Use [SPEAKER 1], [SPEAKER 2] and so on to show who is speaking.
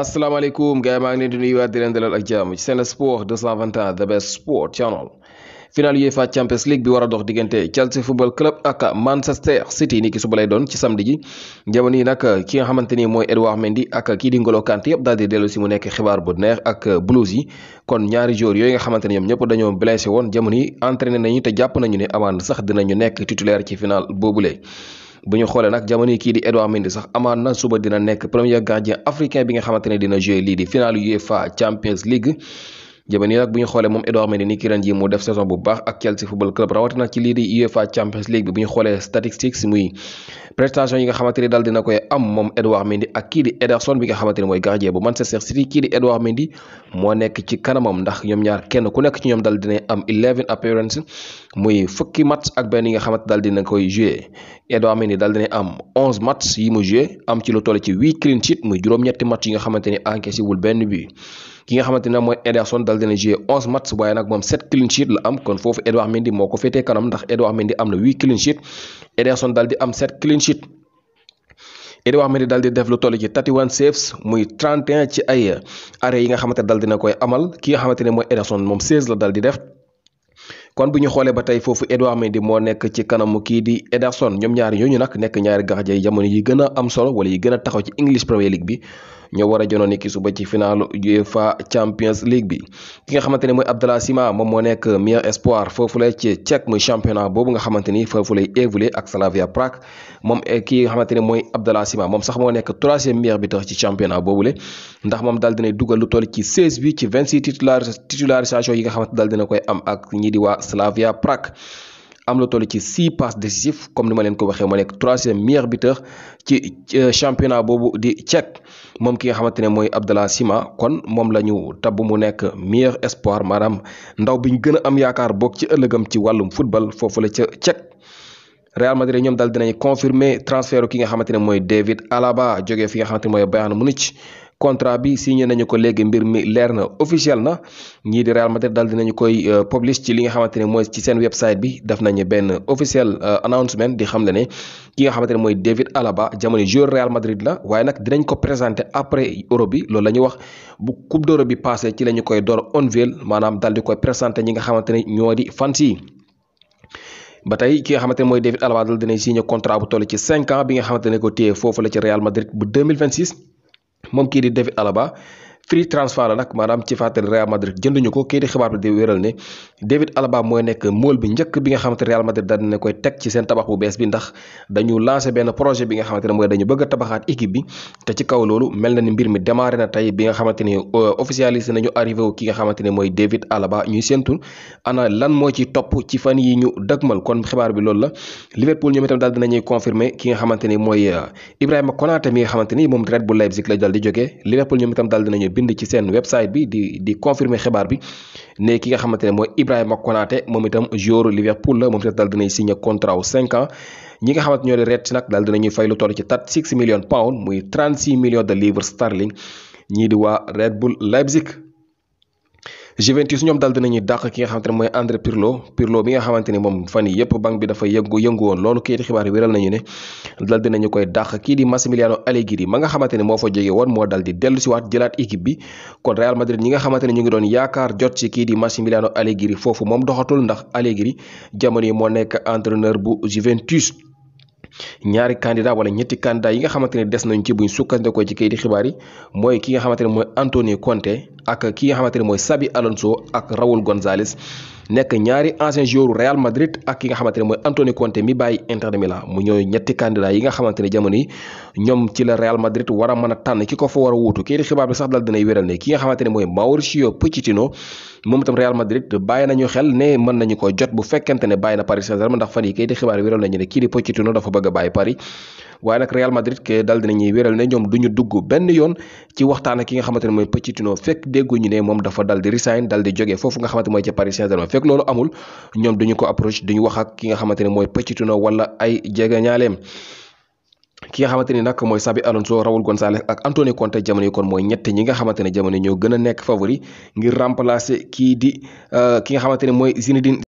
[SPEAKER 1] asalaamaaleykum gars yi maa ngi leen di nuyuwaat di leen dalal ak jàmm ci Sen Sport 221 the best sport channel final UEFA Champions League bi war a dox diggante Chelsea football club ak Manchester City ni ki suba lay doon ci samedi ji jamono yi nag ki nga xamante ni mooy Edouard Mendy ak kii di Ngolo kant yëpp daal di dellu si mu nekk xibaar bu neex ak Blues yi kon ñaari joueurs yooyu nga xamante ne ñoom ñëpp dañoo blessé woon jamono yi entraîné nañu te jàpp nañu ne amaan sax dinañu nekk titulaire ci final boobule. bu ñu xolee nag jamono kii di Edouard Mendy sax amaan na suba dina nekk premier gardien africain bi nga xamante ne dina jouer lii di final UEFA Champions League jëmee nii nag bu ñu xoolee moom Edouard Mendy ni ki ren ji mu def saison bu baax ak Chelsea football club rawatina ci lii di UEFA Champions League bi xoolee statistiques muy prestation yi nga xamante ni daal dina koy am moom Edouard Mendy ak kii di Ederson bi nga xamante ni mooy gardien bu Manchester City kii di Edouard Mendy moo nekk ci kanamam ndax ñoom ñaar kenn ku nekk ci ñoom daal dina am 11 appearance muy fukki match ak benn yi nga xamante daal dina koy joué Edouard Mendy daal dina am 11 match yi mu joué am ci lu toll ci 8 clean sheet ñetti match yi nga xamante ni encaissé wul benn bi ki nga xamante ne mooy Ederson dal dina jouer onze match waaye nag moom sept clean sheet la am kon foofu Edouard Mendy moo ko féetee kanam ndax Edouard Mendy am na huit clean sheet Ederson dal di am sept clean sheet Edouard Mendy dal di def lu toll ci 31 saves yi nga xamante ne dal dina koy amal ki nga xamante ne mooy Ederson moom 16 la dal di def kon bu ñu xoolee ba tey foofu Edouard Mendy moo nekk ci kanamu kii di Ederson ñoom ñaari ñooñu nag nekk ñaari gardien yi jamono yi gën a am solo wala yi gën a taxaw ci English Premier bi ñoo war a jonoon ni ki suba ci final UEFA Champions League bi ki nga xamante ne mooy Abdallah Sima moom moo nekk meilleur espoir foofu la ci Tchèque muy championnat boobu nga xamante ni foofu lay évoluer ak Slavia Prague moom eh, ki nga xamante ne mooy Abdallah Sima moom sax moo nekk troisième meilleur buteur ci championnat boobule ndax moom daal dinay dugal lu toll ci 16 bi ci 26 titularisation yi nga xamante daal dina koy am ak ñi di waa Slavia Prague am lu toll ci six passes décisives comme ni ma leen ko waxee moo nekk troisième meilleur buteur ci euh, championnat boobu di Tchèque moom ki nga xamante ne mooy Abdallah Sima kon moom la ñu tabb mu nekk meilleur espoir maanaam ndaw bi ñu gën a am yaakaar boog ci ëllëgam ci wàllum football foofu la ca Tchèque. Real Madrid ñoom daal dinañ confirmer transfert ki nga xamante ne mooy David Alaba jógee fi nga xamante ne mooy Bayern Munich. contrat bi signé nañu ko léegi mbir mi leer na officiel na ñii di Real Madrid daal dinañu koy euh, publish ci li nga xamante ne mooy ci seen website bi def nañu benn officiel euh, announcement di xam le ne ki nga xamante ne mooy David Alaba jamono joueur Real Madrid la waaye nag dinañ ko présenté après Euro bi loolu la ñuy wax bu coupe d'Europe bi passé ci la ñu koy door unveil maanaam daal di koy présenté ñi nga xamante ne ñoo di fans yi ba tey ki nga xamante ne mooy David Alaba dal dina signé contrat bu toll ci 5 ans bi nga xamante ko téye foofu moom kii di David Alaba free transfer la nag maanaam ci fàttali Real Madrid jënduñu ko kii di xibaar bi di wéral ne David Alaba mooy nekk mool bi njëkk bi nga xamante ne Real Madrid daal dina koy seen tabax bu bees bi ndax dañu lancé benn projet bi nga xamante ne mooy dañu bëgg tabaxaat équipe bi kaw loolu mel na ni mbir mi démarré na tey bi nga xamante ni euh, officialisé nañu arrivé wu ki nga xamante ne mooy David Alaba ñuy séentu ana lan moo ci topp ci fan yi ñu dëgmal kon xibaar bi loolu la Liverpool ñoom itam daal dinañuy confirmer ki nga xamante ni mooy euh, Ibrahima Konaté mi nga xamante ni moom Red Bull Leipzig la daal di jógee Liverpool ñoom itam daal dinañu bind ci seen website bi di di confirmer xibaar bi ne ki nga xamante ne mooy Ibrahima Konaté moom itam joueur Liverpool la moom itam daal dinay signé contrat wu 5 ans ñi nga xamante ñoo di Reds nag daal dinañuy fay lu toll ci 36 millions pounds muy 36 de livres sterling ñii di waa Red Bull Leipzig Juventus ñoom daal dinañuy dàq ki nga xamante mooy André Pirlo Pirlo bi nga xamante ni moom fan yii yëpp banque bi dafa yëngu yëngu woon loolu kayiti xibaar yi koy kii di Massimiliano Allegri ma nga xamante ne moo fa moo dal di dellu si waat jëlaat équipe bi kon Real Madrid ñi nga xamante ne ñu ngi doon yaakaar jot ci kii di Massimiliano Allegri foofu moom doxatul ndax Allegri jamono yi moo nekk entraîneur bu Juventus ñaari candidat wala ñetti candidat yi nga xamante ne des nañ ci buñ sukkandikoo ci kayiti xibaar yi mooy ki nga xamante ne mooy Antonio Conte ak kii nga xamante ne mooy Sabi Alonso ak Raúl González nekk ñaari ancien joueur Real Madrid ak ki nga xamante ne mooy Antonio Conte mi bàyyi Inter de Milan mu ñooy ñetti candidat yi nga xamante ne ñoom ci la Real Madrid war a mën a tànn ki ko fa war a wuutu kii di xibaar bi sax dal mooy Mauricio Pochettino moom itam Real Madrid bàyyi nañu xel ne mën di nañu ne a bàyyi Paris waaye ne ñoom duñu dugg benn yoon ci waxtaan ak ki nga xamante ne mooy Pochettino fekk dégguñu ne moom dafa dal resign dal di foofu nga xamante mooy ca Paris saint fekk loolu amul ñoom duñu ko approche duñu wax ak ki nga xamante ne mooy Pochettino wala ay jege ñaaleem ki nga xamante ni nag mooy Xabi Alonso Raúl González ak Antonio Conte te yi kon mooy ñett ñi nga xamante ne jamono ñoo gën a nekk favori ngir remplacer kii di euh, ki nga xamante ne mooy Zinedine